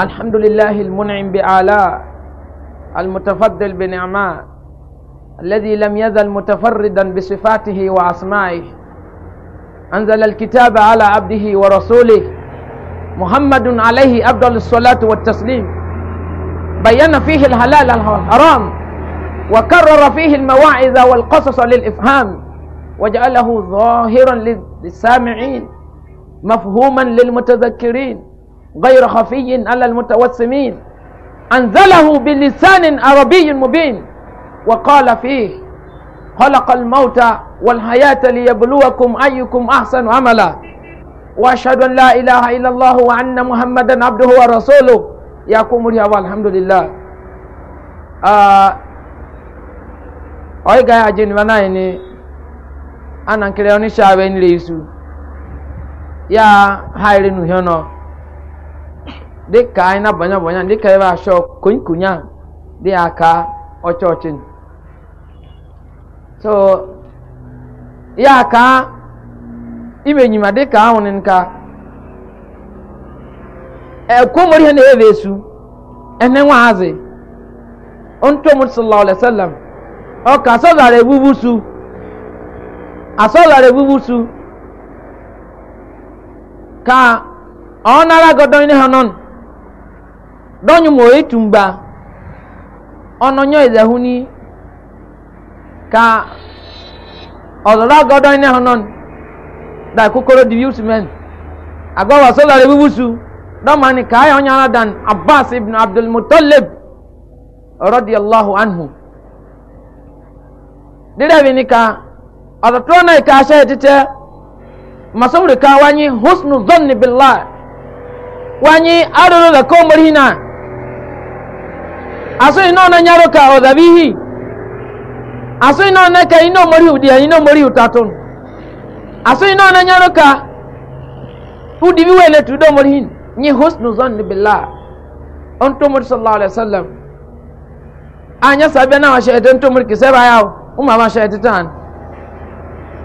الحمد لله المنعم بآلاء المتفضل بنعماء الذي لم يزل متفردا بصفاته وأسمائه أنزل الكتاب على عبده ورسوله محمد عليه أفضل الصلاة والتسليم بين فيه الحلال والحرام وكرر فيه المواعظ والقصص للإفهام وجعله ظاهرا للسامعين مفهوما للمتذكرين غير خفي على المتوسمين أنزله بلسان عربي مبين وقال فيه خلق الموت والحياة ليبلوكم أيكم أحسن عملا وأشهد أن لا إله إلا الله وأن محمدا عبده ورسوله يا كومريا الحمد لله آه أي جاي أجن إني أنا كريوني شابين ليسو يا هايرين هنا dị ka anyị na-abanye abanye ka ebe asọ konkonya dị aka ọcha ọchị so ya ka dị ka ahụ nka ekomori ihe na-eve e esu ene nwaazi ontomu sallallahu alaihi wasallam ọka asọzara ebubu su asọzara ebubu su ka ọ nara gọdọ ihe ha dɔnyi mo etumba ɔnɔnyɔ ɛzɛhuni ka ɔzɔrɔ agɔdɔn ne hɔnɔn da kokoro di yusumen agbɔwa sɔlɔ de bubusu dɔmani kaa yɛ ɔnyala dan abbas ibn Abdul abdulmutalib rɔdiyallahu anhu dirɛbi ni ka ɔtɔtɔ na ika ahyɛ titɛ masawuri ka wanyi husnu zɔnni billah wanyi arolo la kɔmori na aso ino na nyaro ka odhabihi aso ino na ka ino mori udia ino mori utaton aso ino na nyaro ka udibi wele tudo mori hin ni husnu zanni billah onto mori sallallahu alaihi wasallam anya sabia na washe eten to mori kiseba yao umma washe etetan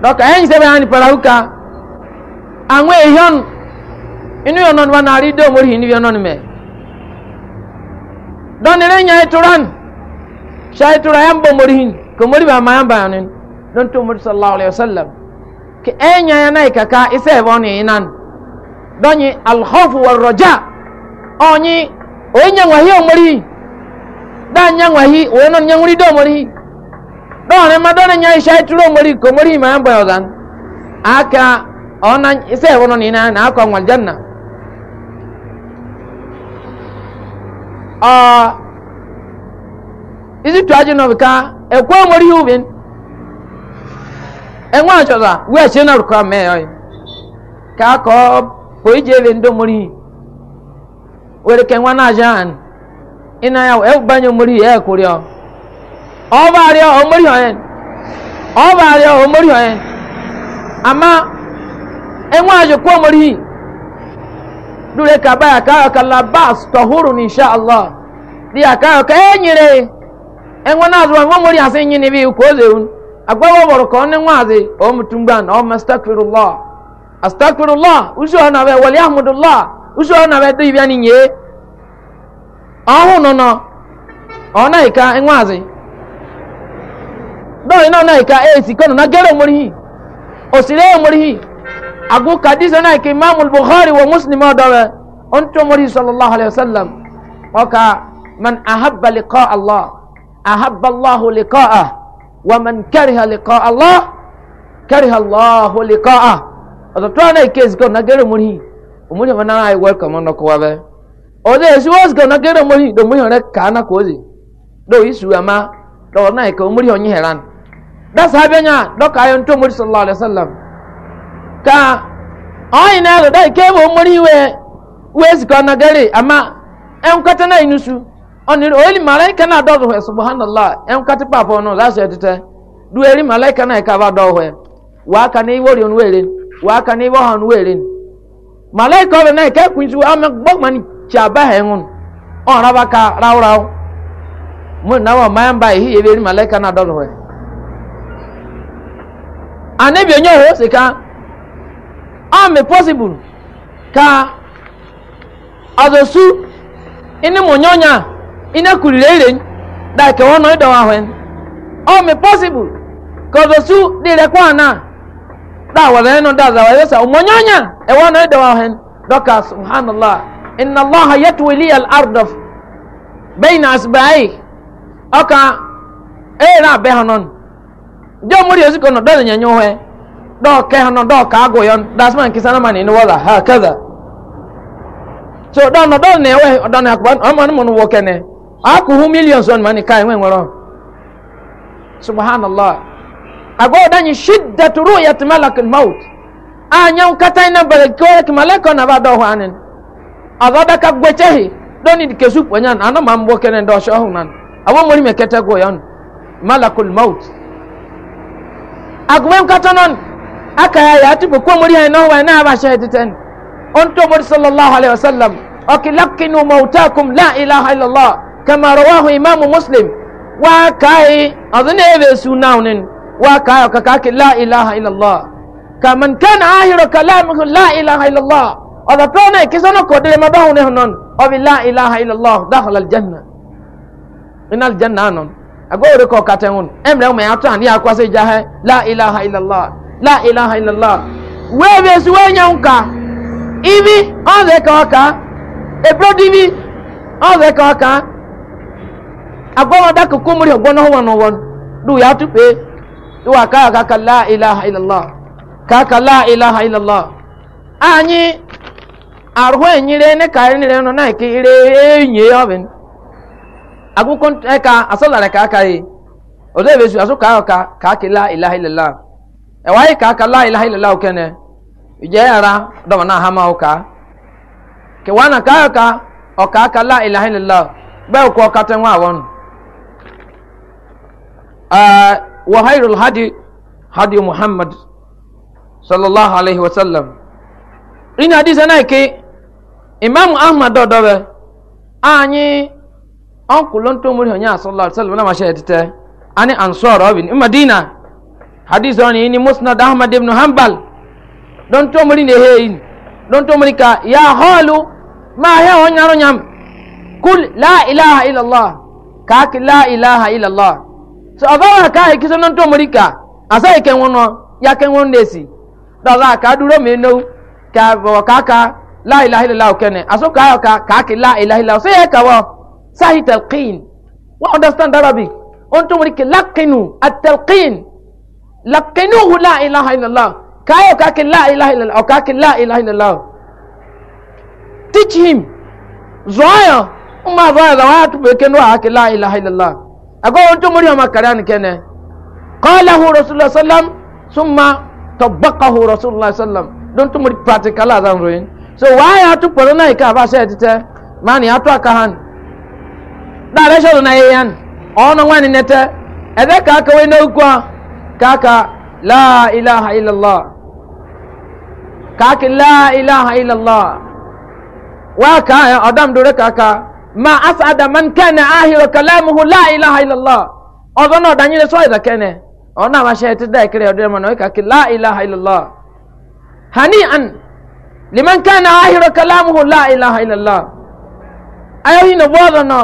doka enyi sebe ani parahuka anwe ehon inu yonon wanari do mori hin yonon me don ire nya ituran sha itura yan bo morihin ko mori ba ma yan ba nin don to mori sallallahu alaihi wasallam ke enya ya nai kaka ise bo ni nan don yi al khawf wal raja onyi onya wahi o mori da nya wahi o non nya wuri do mori don ne ma don nya sha ituro mori ko mori ma yan ba aka onan ise bo ni nan akwa wal janna ọ isi tụọ ajụ ka ekwe nwere ihe ubin enwe achọta wee chie na rukọ mee ọyị ka akọ pụ ije ebe ndị omori were ka nwa na-aja ha ịna ya wee banye omori e ya ekwuri ọ ọ barịa e omori ọyị ọ barịa omori ọyị ama enwe ajụ kwa omori dure ka ba ya labas tohuru ni insha Allah di ya kayo ka enyere enwe na azuwa nwa muri ase nyi ni bi ko zeun agwa wo boro ko ne nwaze o mutumba na o mastaghfirullah astaghfirullah usho na be na be do ibya ni nye eh, ahu no na ika e agu kadisa na ke imam bukhari wa muslim odobe on to mori sallallahu alaihi wasallam oka man ahabba liqa allah ahabba allah liqa'ah wa man kariha liqa allah kariha allah liqa'ah odo to na ke zgo na gere muri muri wana ai welcome on ko wabe odo esi was go na gere muri do muri re ka na ko zi do isu ama do na ke muri onyi heran that's habenya do ka ayo to mori sallallahu alaihi wasallam ka onye na-alụ ike ebe omori iwe wee zikọ na gari ama enkwata na malaika na dọọ hwe papa malaika na ka ba dọọ ka na iwo rion were wa ka na malaika na ka ama ha ka mo na wa mayamba hi ebe malaika na dọọ hwe anabi oho ame possible ka azosu ini munyonya ini kulilele da ke wono ido wa hwen ame possible ka azosu dire kwa na da wa zeno da za wa yesa munyonya e wono ido wa hwen doka subhanallah inna allaha yatwi li al ardh baina asba'i aka era behanon jo muri esiko no dole nyanyo hwen dɔw kɛ hɔn dɔw kaa go yɔn dasuma kisa na ma ni wala ha kada so dɔw na dɔw na ewe dɔw na akuba ɔmɔ ni mu ni wo kɛnɛ aku hu millions wɔn ma ni kaa ewe ŋɔrɔ subhanallah agbawo danyi shiddatu ru'yati malakil maut a nyɛn kata ina bɛrɛ kɔrɛ kimale kɔ na ba dɔw hɔ anin ɔzɔ bɛ ka gbɛkyɛhi dɔni kesu kpɔnyan ana ma mu wo kɛnɛ dɔw hɔn nan awo mori maut agbɛn kata nɔni aka ya ya tubu ko muri hay no wa na ba shahidi tan on to muri sallallahu alaihi wasallam oki lakinu mautakum la ilaha illallah kama rawahu imamu muslim wa kai azne be sunaunin wa kai ka ka la ilaha illallah kaman kana ahiru kalamuhu la ilaha illallah oda to na kisono ko de ma ba hunen non o bi la ilaha illallah dakhala aljanna min aljanna non agore ko katenun emre me atu akwase jahe la ilaha illallah la ilaha illallah wee be si wee nye nka ibi ọ dị ka ọka ebrod ibi ọ dị ka ọka agwamada kuku mmiri ọgbọ n'ọnwa n'ụwa du ya tupe iwa ka aka ka la ilaha illallah ka aka la ilaha illallah anyị arụhụ enyere ne ka enyere nọ na ike ire enyi ọbịn agwụkwọ eka asọlara ka aka ya odebezu asụ ka ọka ka akila ilaha illallah ẹwà yìí kàkà láìláha ìlàlá òkène ìjẹ́ yàrá dọ̀mọ̀ náà hàmà ọ̀kà kẹwàá nà káyọ̀ká ọ̀kà kà láìláha ìlàlá bẹ́ẹ̀ kọ́ ọ̀kà tẹ́ wọn àwọn. wà hayrul hadi hadi muhammad sallallahu alayhi wa sallam ìní àdìsẹ́ náà ké imaamu ahmad dọ̀dọ̀ bẹ́ẹ̀ ànyí ọ̀nkùlọ́ntòmùrì hàn yà sallallahu alayhi wa sallam náà ma ṣe ẹ̀ títẹ́ ani ansọ́ọ̀rọ̀ ọ̀bìn madina hadith on ni musnad ahmad ibn hanbal don to muri ne he in don to muri ka ya halu ma he on nyaro nyam kul la ilaha illa allah ka ki la ilaha illa allah so abara ka e kiso non to muri ka asa e ken wono ya ken won desi da za ka duro me no ka bo ka ka la ilaha illa allah kene aso ka ka ka ki la ilaha illa allah so ye ka wa sahi talqin wa understand arabic on to muri ki laqinu at talqin lakinuhu la ilaha illallah kayo kake la ilaha illallah kake la ilaha illallah teach him zoya umma zoya da watu bekenu ake la ilaha illallah ago onto muri ma karan kene qalahu rasulullah sallam summa tabaqahu rasulullah sallam don to muri practical azan royin so why you to porona ka ba se tete man ya to aka han da re shodo na yeyan ono wani nete ebe ka ka we na okwa kaka la ilaha illallah kaki la ilaha illallah wa ka adam dore kaka ma asada man kana ahira kalamuhu la ilaha illallah ọdọ náà danyere sọ ìdá kẹne ọdọ náà ma ṣe ti dá ìkiri ọdọ ẹmọ náà kaki la ilaha illallah hani an liman kana ahira kalamuhu la ilaha illallah ayoyin na bọ́ọ̀dọ̀ náà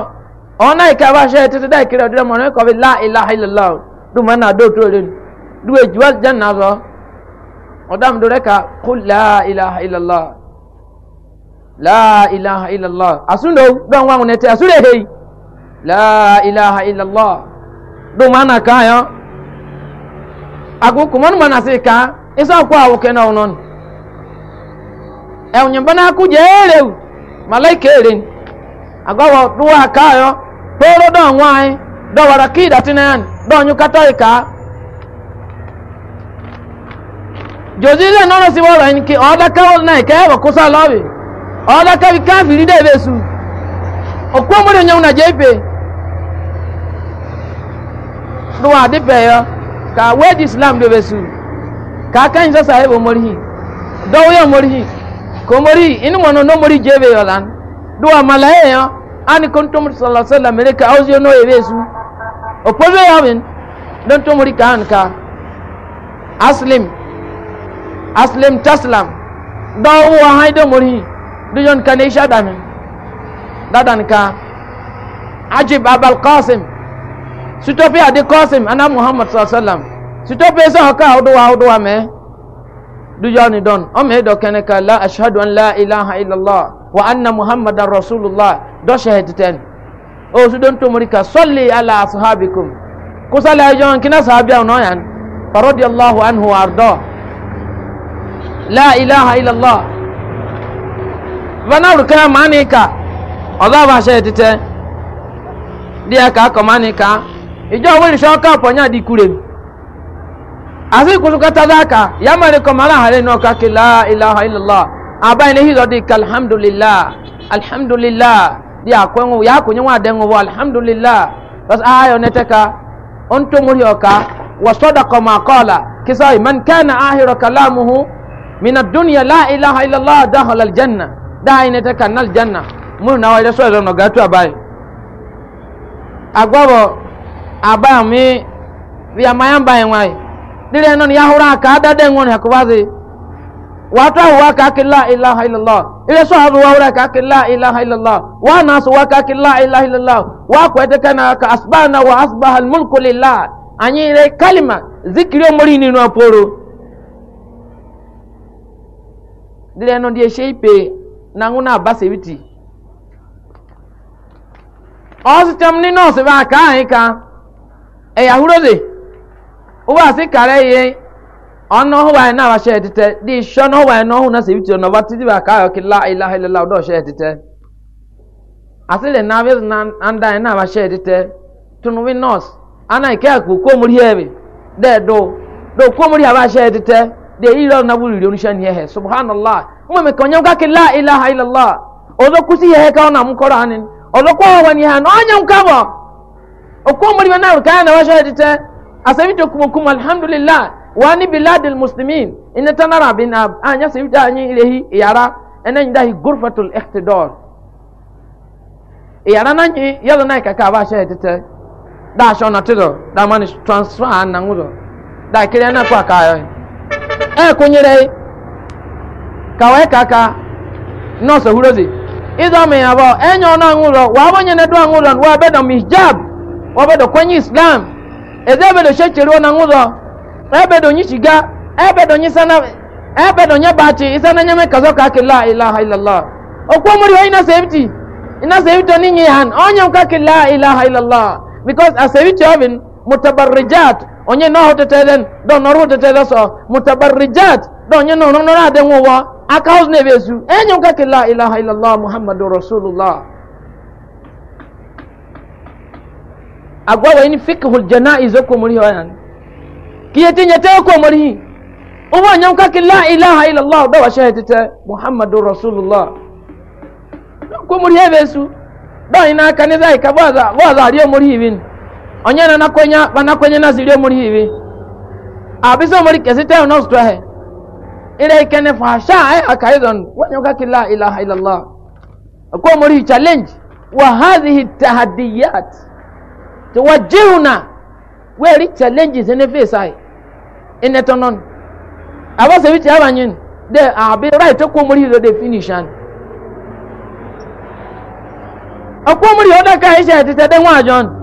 ọdọ náà ìkà bá ṣe ti dá ìkiri ọdọ ẹmọ náà kọ́ bi ilaha illallah dùn mọ́ náà dóòtú du ejuwa janna zɔ ɔdam do reka ko laa ilaha illallah la ilaha illallah asun do dɔn wa ŋunɛ tɛ asun de hei ilaha illallah do mana na kan yɔ ako kumanu ma na se kan isa ko awo kɛ na ɔnɔn ɛwunyɛ bana ko jɛɛrɛw malayika eren agbawo do wa kan yɔ toro dɔn wa ye dɔwara kii dati na yan dɔn nyu jòzílẹ̀ náà sí wọ́ọ̀rọ̀ ẹni kí ọ̀ọ́dákẹ́wọ́ náà ìkẹ́yẹ̀wọ̀ kó sá lọ́ọ̀bì ọ̀ọ́dákẹ́wì káfìrí dẹ̀ bẹ́ẹ̀ su òkú ọmọdé yẹn wọn àjẹ́ ìpè lọ́wọ́ àdìpẹ̀ yọ ká wẹ́ẹ̀dì islam dẹ̀ bẹ́ẹ̀ su ká kẹ́yìn sọ́sà ẹ̀ bọ̀ mọ́rí yìí dọ́wọ́ yẹn mọ́rí yìí kò mọ́rí yìí inú mọ́nà ọ̀nà mọ́rí jẹ́ bẹ́ẹ̀ yọ̀lá lọ́wọ́ àmàlẹ́ yẹn yọ ani ko ntom salasala mereka awusi ono ebe su okpo bɛ yawin don tomori kan ka aslim aslim taslam dɔw wa hãn de mori dujon ka ne isha dami dadan ka ajib abal qasim sutope adi qasim ana muhammad sallam sutope sa haka hudu wa hudu wa me dujoni don o me do kene ka la ashhadu an la ilaha illallah wa anna muhammadan rasulullah do shahid ten o su don to mori ka salli ala ashabikum kusala jon e kina sahabiya no yan radiyallahu anhu wa la ilaha illallah vana ruka mani ka ọdọ bá ṣe títẹ díẹ ká kọ mani ka ìjọ wíìlì ṣọkà pọnyà di kure àti kùsùkàtà dáka yamari kọmọlá àárẹ náà kàkí la ilaha illallah àbáyé ní hìzọ di ka alhamdulilah alhamdulilah di àkọyìn yà kò nyẹ wọn àdéhùn wọn alhamdulilah lọsọ ayọ nẹtẹka ó ń tó múri ọka wọ sọdọ kọmọ àkọọlà kí sọ ìmọ̀ nkẹ́ na min ad-dunya la ilaha illa allah dakhala al-janna da ina ta kanal janna mun na wai da so no gatu abai agwabo abai mi vya mayan bai wai dire non ya hura ka da den won hakubazi watu wa ka ki la ilaha illa allah ile so azu wa ka ki la ilaha illa allah wa nasu wa ka ki la ilaha illa wa ko ta kana ka asbana wa asbaha al lillah anyi ile kalima zikri omori ni no aporo ndị dileno ndie sheipe nanguna base biti ositam ni nọọsụ ba aka anyị ka ẹyà hurode ụwa si kara ihe ọnụ ọhụrụ anyị na abasha etite dị shọ na ọhụrụ anyị na ọhụrụ na sebiti ọ nọba titi ba aka ayọkị la ilaha ilala ọdọ ọsha etite asịrị na abịa na anda anyị na abasha etite tunubi nọọsụ anaghị kee akụ kwomori ebe dị do do kwomori abasha etite. de ira na wuri rion shan yehe subhanallah mu me ko nyam ka ke la ilaha illallah odo kusi yehe ka na mu kora hanin odo ko wa ni han onyam ka bo o ko mari na ka na wa shahidita asabi to kuma kuma alhamdulillah wani biladil muslimin ina tanara bin ab anya ah, sabi da anyi ilehi yara enen dahi gurfatul ihtidar yara nan yalo nai ka ka ba shahidita da shona tido da man transfer nan wudo da kire na kwa kayo e kunyere ka wee kaka nọọsụ hurozi ịzọmi ya bụ enye ọnụ aṅụ ụlọ wa abụnye na edu aṅụ ụlọ wa bedo mihjab wa bedo kwenye islam eze ebedo shechiri ọnụ aṅụ ụlọ ebedo nyishiga ebedo nyisana ebedo nyebachi isana nyeme kazo ka akila ilaha ilallah okwu omuri oyi na safety ina safety ninyi han onye mkakila ilaha ilallah because a safety oven mutabarrijat onye na hotetelen don nor hotetelen so mutabarrijat don nye no no na de wo wa aka house na bezu enyo ka ke la ilaha illallah muhammadur rasulullah agwa wa ni fikhul janaiz ko muri hoyan kiyete nyete ko muri uwa nyam ka ke la ilaha illallah da wa shahidata muhammadur rasulullah ko muri hebesu don ina kanisa ikabaza waza rio muri hivin onyana nakwenya banakwenya nazilio muri hivi abiso muri kesite unositwehe ile ikene fasha eh akaizon wanyoka kila ilaha ila allah akuwa muri challenge wa hadhihi tahaddiyat tuwajihuna weri challenges ene face ai ene tonon abase biti abanyin de abi right akuwa muri hizo de finish an akuwa muri hoda ka isha tete de wajon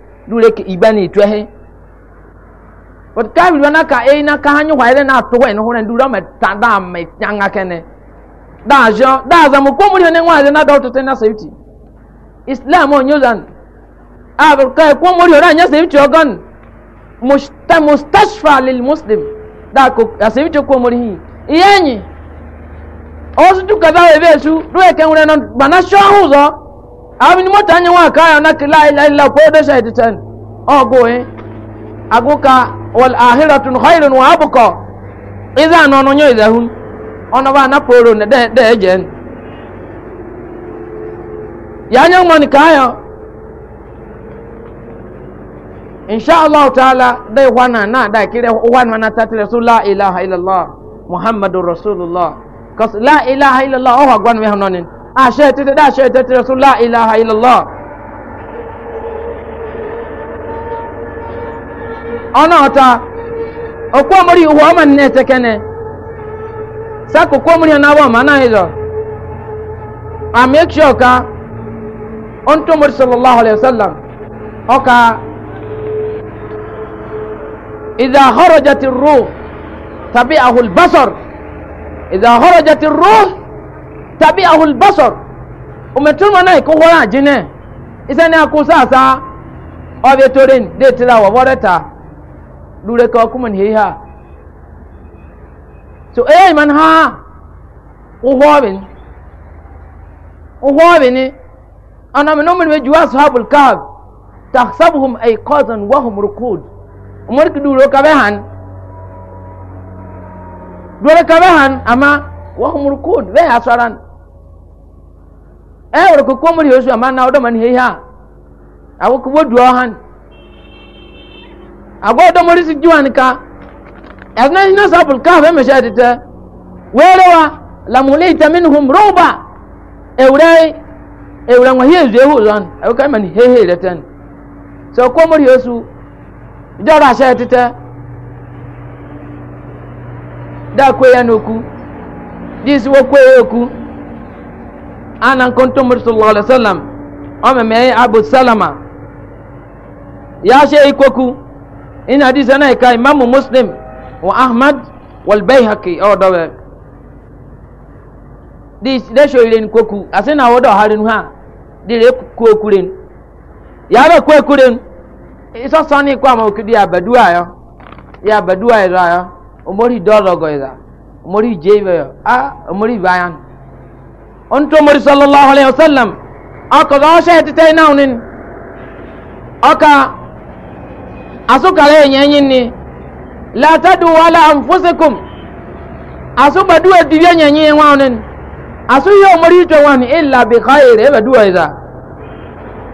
dule ke ibani twehe but time we na ka e na ka hanyo wa ile na to we no hore ndura ma ta da ma kene da jo da za mu ko ne nwa na da to na safety islam onyo zan abul ka e ko muri ora nya safety musta mustashfa lil muslim da ko safety ko tu kaza we do e bana sho huzo àwọn mọ́tà ni wọ́n àkáyọ̀ náà kí láìláìlá pọ́ọ́dọ́sà ìdìtẹ́ni ọ̀gọ́ yẹn agunka wọ́n àhírà tún hóyìrì wọn àbùkọ́ ìdá àná ọ̀nà yóò ìdẹ́hùn ọ̀nà bá àná pòrò ní dẹ́ẹ̀ jẹ́ ni. yàá nyẹ́ mọ́ni káyọ̀ insha allah ta'ala dai wana na da kire wana na ta tire su la ilaha illallah muhammadu rasulullah kas la ilaha illallah o ha gwan we hanonin àṣẹ tètè dá àṣẹ tètè rẹ̀ sún lá ilaha illallah. ọ̀nà ọ̀ta òkú ọmọrí ìwọ ọmọ nínú ẹ̀tẹ̀kẹ́nẹ sákò kú ọmọrí ọ̀nà àwọn ọmọ náà yìí lọ. àmì ẹ̀kṣẹ́ ọ̀ka ó ń tó mọ́rí sallallahu ọ̀ka ìdá àhọ́rọ̀jà ti rú tàbí àhùlbásọ̀r ìdá àhọ́rọ̀jà ti rú tàbí ahul basor òmètúmọ̀ náà kó wọ́n àjí náà iṣẹ́ ní akó sáàsá ọbẹ̀ torí dé tira wọ̀ wọ́rẹ́ta lúre kọ́ kúmọ̀ ní híhá so ẹ̀yẹ́ ìmọ̀ ní ha wọ́n ọbẹ̀ ni wọ́n ọbẹ̀ ni ọ̀nà mi nọ́mọ̀ ní ju wá sọ́hábùl káàb tàxabuhum ẹ̀ kọ́sán wọ́hùm rukud ọmọdé kìí dúró kabẹ́ hàn dúró kabẹ́ hàn àmà wọ́hùm rukud bẹ́ẹ̀ asọ́ra ni ɛwɔrɔ koko mu de yosu ama na ɔdɔm ani hehi a awoko wodu ɔhan agba ɔdɔm ɔde si diwa nika ɛdina yi na sabul kaa fɛn mɛ hyɛ tete wɛrɛ wa lamuli itamin hum roba ewura ewura ŋa hiɛ zue hu zɔn ɛwɔ kan ma ni hehi yɛrɛ tɛn sɛ ɔkɔ mu de yosu dɔɔrɔ ahyɛ tete daa koe ya n'oku diisi wɔ koe ya oku anan kuntum sallallahu alaihi wasallam ome me abu salama ya she ikoku in hadith na ka imam muslim wa ahmad wal bayhaqi o dobe di de show ile koku ase na wodo harin ha di re ku okuren ya be ku okuren iso sani kwa ma okidi abadua yo ya abadua yo omori dorogo ida omori jebe yo ah omori bayan onto mori sallallahu alaihi wasallam aka ga sha ta tai naunin aka asukare yanyin ni la tadu wala anfusikum asu baduwa dibiyan yanyin waunin asu yo mori to wani illa bi khair e baduwa iza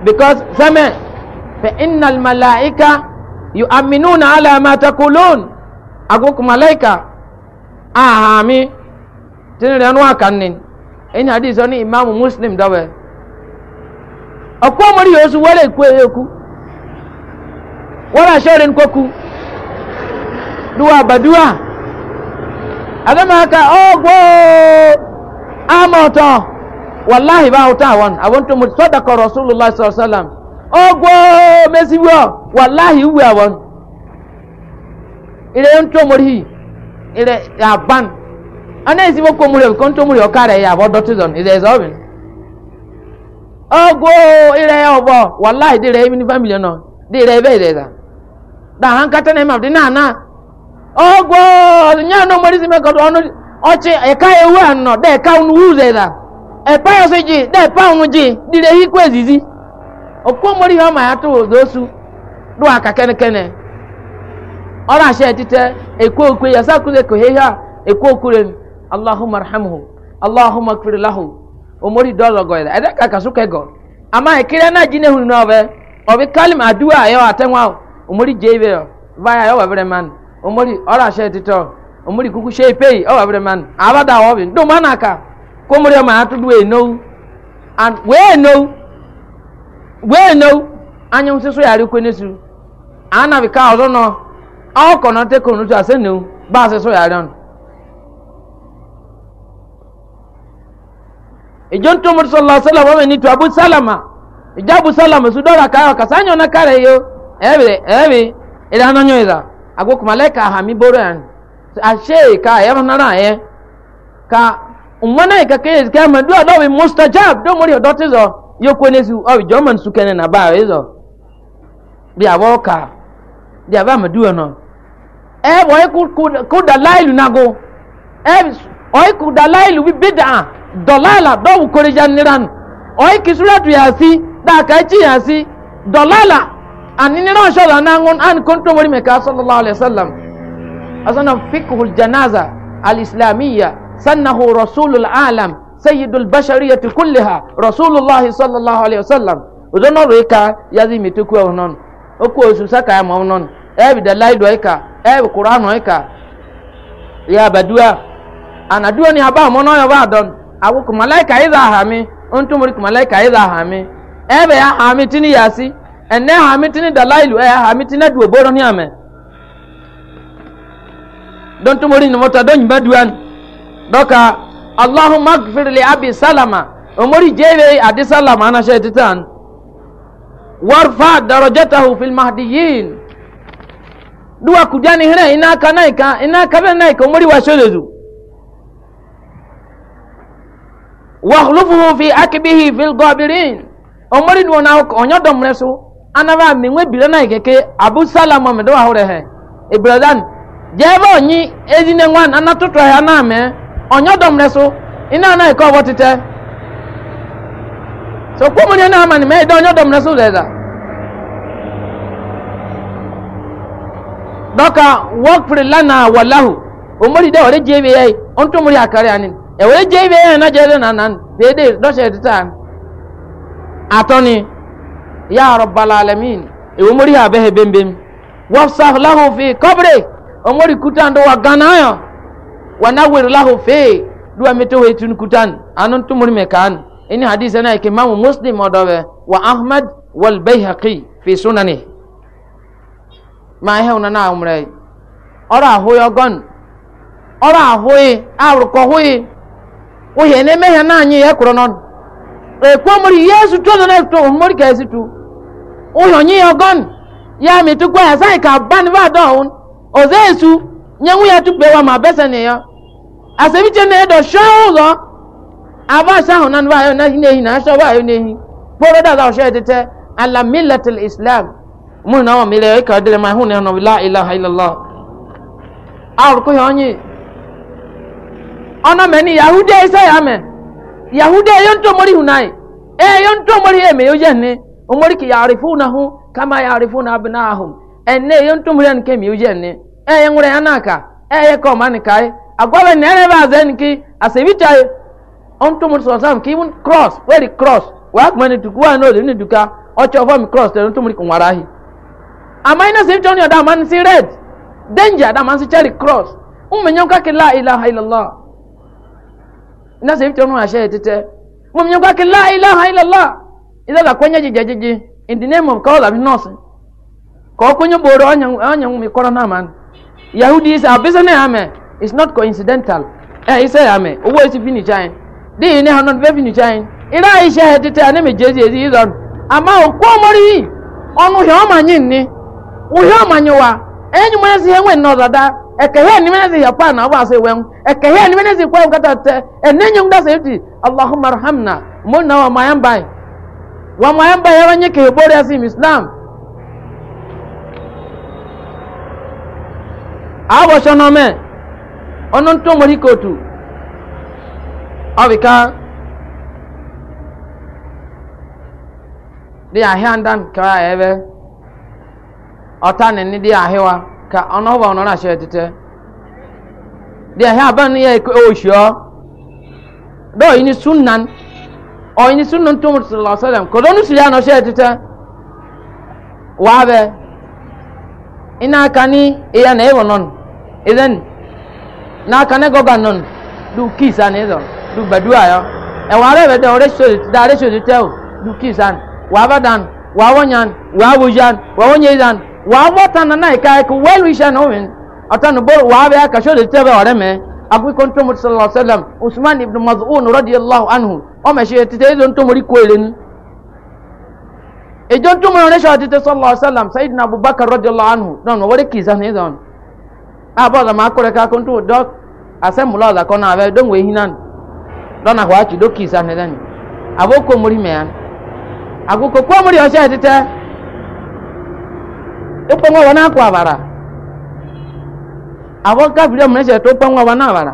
because sama fa innal malaika yu'minuna ala ma taqulun agoku malaika ahami tinire anu akannin ẹni hadith ọni imamu muslim dọbẹ ọkọ ọmọdé yóò sún wọlé ikú ẹyẹ kú wọlé aṣọ nkọ duwa baduwa agamaka ọgbọ amọtọ wàláhi bá ọtọ àwọn àwọn tó mu rasulillah sọsọlam ọgbọ mẹsìwọ wàláhi wù àwọn ilé ń tó mọrí ilé ana ezigbo ka omuri obi konto omuri ọkara ya abụọ dọtizọn ịza eze ọbịn ogo ire ya ọbọ wallahi dịrị ebe n'ifa milion nọ dịrị ebe ịza ịza da ha nkata na dị na ana ogo na omori si mekọta ọnụ ọchị ịka ewu a da ịka unu ịza ịpa ya ọsị ji da ịpa unu ji dịrị ehi ezizi okwu ma ya ụzọ osu oh, aka kenekene ọ na etite ya sa ihe a allahumma arhamhu allahumma akfir lahu omori dɔlɔ gɔyɛ ɛdɛ kaka so kɛgɔ ama ekele na ji ne hu nɔɔbɛ ɔbi kalim aduwa ayɔ atɛnwa omori jeibe yɔ vaya ayɔ wɛbɛrɛ man omori ɔra ahyɛ titɔ omori kuku hyɛ peyi ɔwɔ wɛbɛrɛ man abada wɔbi ndomo anaka komori ɔma ato e do enowu and wee enowu wee enowu anyim soso yare kwe ne su anabika ɔzɔ nɔ ɔkɔ nɔ kɔnɔ tu ase newu baasi so yare ɔno. ijo ntumuri sallallahu alaihi wasallam wameni tu abu salama ijo abu salama sudora kayo kasanyo na kare yo ebi ebi ila ananyo ila agwo kumaleka hami boro yani ashe ka yaba nara ye ka umwana ka ke ka ma dua do bi mustajab do muri do tizo yo kwene su o jo su kene na ba ezo bi aboka bi aba ma dua no e boy ku ku dalailu nago e oy ku dalailu bi bid'a dolala dɔw korija niran ɔyi kisuratu yasi daakaici yasi dolala ani niran sɔla nangon an konto wari mɛ kaa sallallahu alaihi wa sallam asana fikhu janaza alislamiya sannahu rasulul alam sayyidul bashariyati kulliha rasulullah sallallahu alaihi wa sallam ozono reka yazi mituku onon oku osu saka ma onon ebi dalai doika ebi qur'an oika ya badua anadua ni haba mono ya badon ago ko malaika idha hami onto mori ko malaika idha hami ebe ya hami tini yasi ene hami tini dalailu e hami tini du oboro ni ame don to mori ni mota don baduan doka allahumma ighfir li abi salama omori jebe adi salama ana shaytan warfa darajatahu fil mahdiyin duwa kujani hina ina kana ina kabe na ka omori wa shodezu wahulufuhu fi akibihi fil gobirin omori ni wona onyo domre so anaba na abu salama me do ahore he ibradan e jeba onyi ezine nwan anatoto na amị onyo domre so ina na iko wotite so na so lana jebe ewe je ibe ya na jere na nan dede doshe titan atoni ya rabbal alamin ewe mori ha behe bembem wafsah lahu fi qabri omori kutan do waganayo wanawir lahu fi duwa mito hetun kutan anun tumuri mekan ini hadisa na ke mamu muslim odobe wa ahmad wal bayhaqi fi sunani ma he una na umre ora hoyogon ora hoyi awrko hoyi uhie na emehie na anyị ya kwụrụ n'ọnụ ekwu eh, omori ya esu tu ọnụ na-esu omori ka esi tu uhie onye ya ọgọn ya mitukwa ya saị ka ban va dọhụ oze esu nye nwu ya tukpe wa ma bese na ya asebiche na edo shọ ụzọ aba asa ahụ na nva na ehi na ehi na asa ọba ahụ na ehi kpọrọ dada ọsọ etete ala milatil islam Mu na ọ mịrị ka ọ dịrị ma hụ na ọ nọ la ilaha illallah ko ya onye ọ̀nà mẹ́ni Yahudi ẹsẹ̀ yà mẹ́ yahude yóò ń tó mọ́rí hùn náà ẹ yóò ń tó mọ́rí èmi yóò yẹ ní omori kì yàrá fún náà hùn kàmá yàrá fún náà bìnnà ahùn ẹnẹ yóò ń tó mọ́rí ẹni kẹ́mi yóò yẹ ní ẹ yẹ ńwúrẹ́ yẹn náà kà ẹ yẹ kọ́ ọ̀ma nìka yẹ agbọ́bẹ̀ ní ẹ̀rẹ́ bá zẹ́ nìkí àṣẹ̀bíta yẹ ọ̀n tó mọ́rí sọ̀rọ̀ kí even cross where the cross wàá gbọ́n ní dùkú wàá ní dùkà ọ̀chọ́ fọ́ọ̀mù cross tẹ̀lé tó mọ́rí kò wàrà yìí àmọ́ red danger àdàmọ́ sí cross ń mẹ́nyẹ́ ń kákẹ́ láà ina sai fitar nuna shaye tete mun yi kwakin la ilaha illallah idan da kwanya in the name of call of nurse ko kunyo boro anyan anyan mi corona man yahudi is abisa is not coincidental eh isa owo isi finish ayin di ne be ira tete me jezi ezi ama mori onu he ni uhe wa enyu mwanzi he nwe nodada ekehe ni mene zi yapa na ba se wen ekehe ni mene zi kwa kata te enenye ngda se yiti allahumma arhamna na wa mayamba wa mayamba ya wanye ke bore asim islam abo shono me onon to mori kotu awika de ahandan kwa ebe ọta ne ni de ahewa ka ọ̀nà ọba ọ̀nà ọ̀nà àṣẹ tẹ́tẹ́ di ẹ̀hẹ́ abẹ́rẹ́ oh, ni yẹ oṣù ọ́ bẹ́ẹ̀ ọ̀yin ni sunan ọ̀yin ni sunan tó mu sọ̀rọ̀ sọ̀rọ̀ kò lónìí sùn yà ọ̀nà ọ̀ṣẹ́ tẹ́tẹ́ wàá bẹ́ iná aka ní ìyá náà ẹ̀wọ̀n nọ́n ìdẹ́n na aka ní gọ́gà nọ́n du kíìsà ní ìdọ̀ du gbàdúrà dan ẹ̀wọ̀n arẹ́ bẹ́ẹ̀ dẹ́ ọ̀rẹ́ sọ̀rọ̀ tẹ́tẹ́ wa bɔ tan na na yi ka ko wɛli sɛ na o min a ta ni bɔl wa bɛ ka so de tɛ bɛ ɔrɛ mɛ a ko ko ntomo sallallahu alaihi wa sallam usman ibn mas'ud radiyallahu anhu o ma se tete ezo ntomo ri ko eleni ejo ntomo yɛrɛ sɛ tete sallallahu alaihi wa sallam sayidina abubakar anhu dɔn o wari kisa ne zɔn a bɔ zama a kɔrɛ ka ko ntomo dɔ a sɛ mula la kɔnɔ a bɛ dɔn hinan dɔn a ko a ci do kisa ne zɔn a b'o ko mori mɛ yan a ko ko ko ịkpọnwụ ọwa na-akụ abara abọ kafiri ọmụ n'ekyir tó kpọnwụ ọwa na-abara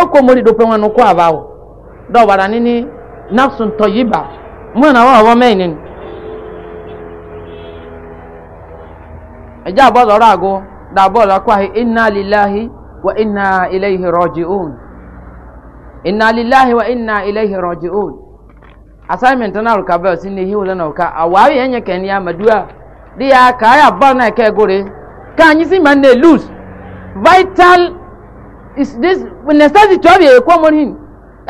ọkọ mori do kpọnwụ n'ụkọ abawo dọwara nini nafsu ntọyiba mụ na ọwa ọwọ mee nini ẹjẹ abọ lọrọ da abọ lọrọ akwaghị inna lilahi wa inna ilayhi rọjiun inna lillahi wa inna ilayhi rọjiun assignment na-arụkabel si n'ihi ụlọ na ụka awa ahụ ya kenya madua dị ya ka anyị abụọ na-eke gụrị ka anyị si ma na lose vital is this necessity ọ bụ ekwe omori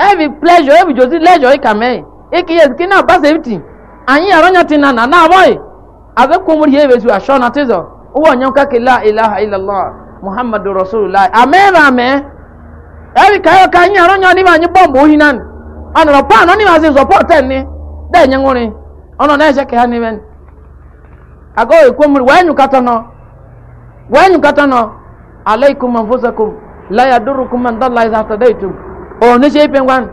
every pleasure every josi leisure ịka e mee ịka e ihe ezike na-aba safety anyị yara onye tina na na-abụghị e. azụ ekwe omori ya ebezu ashọ na tizọ ụwa onye nka kela ilaha ilallah muhammadu rasulullah ameere ame ebi ka ayọ ka anyị yara onye ọdịbe anyị bọmbụ ohi na ọ nọrọ pan ọ nịmazi zọpọt ni dị enye nwụrị ọ nọ na-eche ka ha n'ime ago ikomri wenu katano wenu katano alaikum anfusakum la yadurukum man dalla idha tadaitum o ne sey pengwan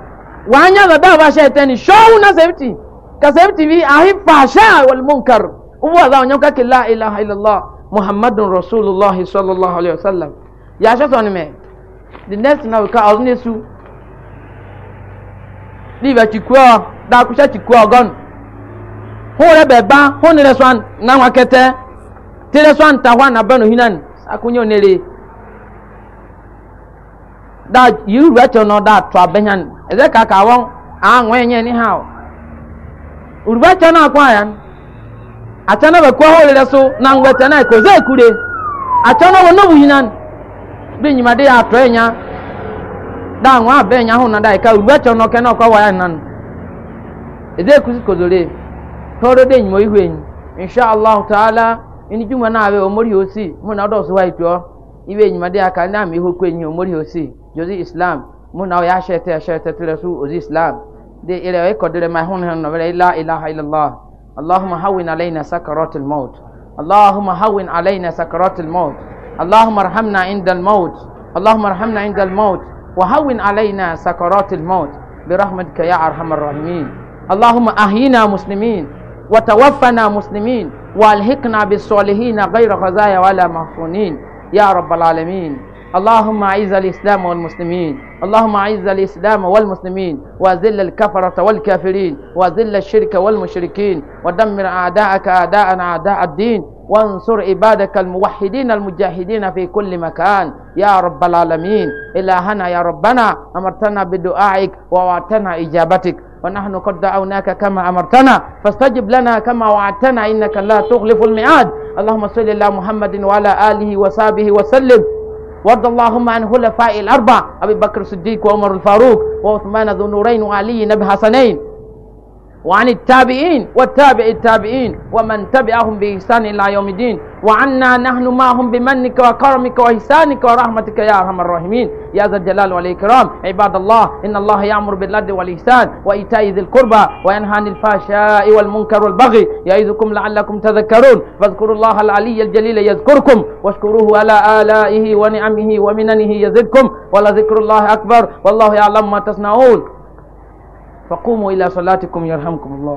wanya da da ba shay tani show na safety ka safety bi ahi fasha wal munkar uwa za wanya ka la ilaha illallah muhammadun rasulullah sallallahu alaihi wasallam ya sha son me the next now ka azne su di ba chikwa da ku sha chikwa gon hore be ba honi reswan na wakete ti reswan ta hwa na bano hinan akunyo nere da yiru reto no da to abenyan eze ka ka won anwe nye ni ha urba chana akwa yan achana be kwa hore reso na ngwete na ko ze kure achana wo no bu hinan bi nyima de ya to enya da nwa abenya ho na da ka urba chana ke na kwa wa yan nan eze kusi kozore toro de nyimo ihwe ni insha allah taala ini juma na abe omori osi mu na odo so wa ito ibe nyima de aka na mi ho kwenyi omori osi jozi islam mu na ya shete shete tele su ozi islam de ile e kodere ma hun hun no la ilaha illallah اللهم هون علينا سكرات الموت اللهم هون علينا سكرات الموت اللهم ارحمنا عند الموت اللهم ارحمنا عند الموت وهون علينا سكرات الموت برحمتك يا ارحم الراحمين اللهم احينا مسلمين وتوفنا مسلمين والحقنا بالصالحين غير خزايا ولا محصونين يا رب العالمين اللهم اعز الاسلام والمسلمين اللهم اعز الاسلام والمسلمين واذل الكفره والكافرين واذل الشرك والمشركين ودمر اعداءك اعداءنا اعداء الدين وانصر عبادك الموحدين المجاهدين في كل مكان يا رب العالمين الهنا يا ربنا امرتنا بدعائك ووعدتنا اجابتك ونحن قد دعوناك كما أمرتنا فاستجب لنا كما وعدتنا إنك لا تخلف الميعاد اللهم صل على محمد وعلى آله وصحبه وسلم وارض اللهم عن خلفاء الأربع أبي بكر الصديق وعمر الفاروق وعثمان ذو النورين وعلي بن حسنين وعن التابعين وتابع التابعين ومن تبعهم بإحسان إلى يوم الدين وعنا نحن معهم بمنك وكرمك وإحسانك ورحمتك يا أرحم الراحمين يا ذا الجلال والإكرام عباد الله إن الله يأمر بالعدل والإحسان وإيتاء ذي القربى وينهى عن الفحشاء والمنكر والبغي يعظكم لعلكم تذكرون فاذكروا الله العلي الجليل يذكركم واشكروه على آلائه ونعمه ومننه يزدكم ولذكر الله أكبر والله يعلم ما تصنعون فقوموا إلى صلاتكم يرحمكم الله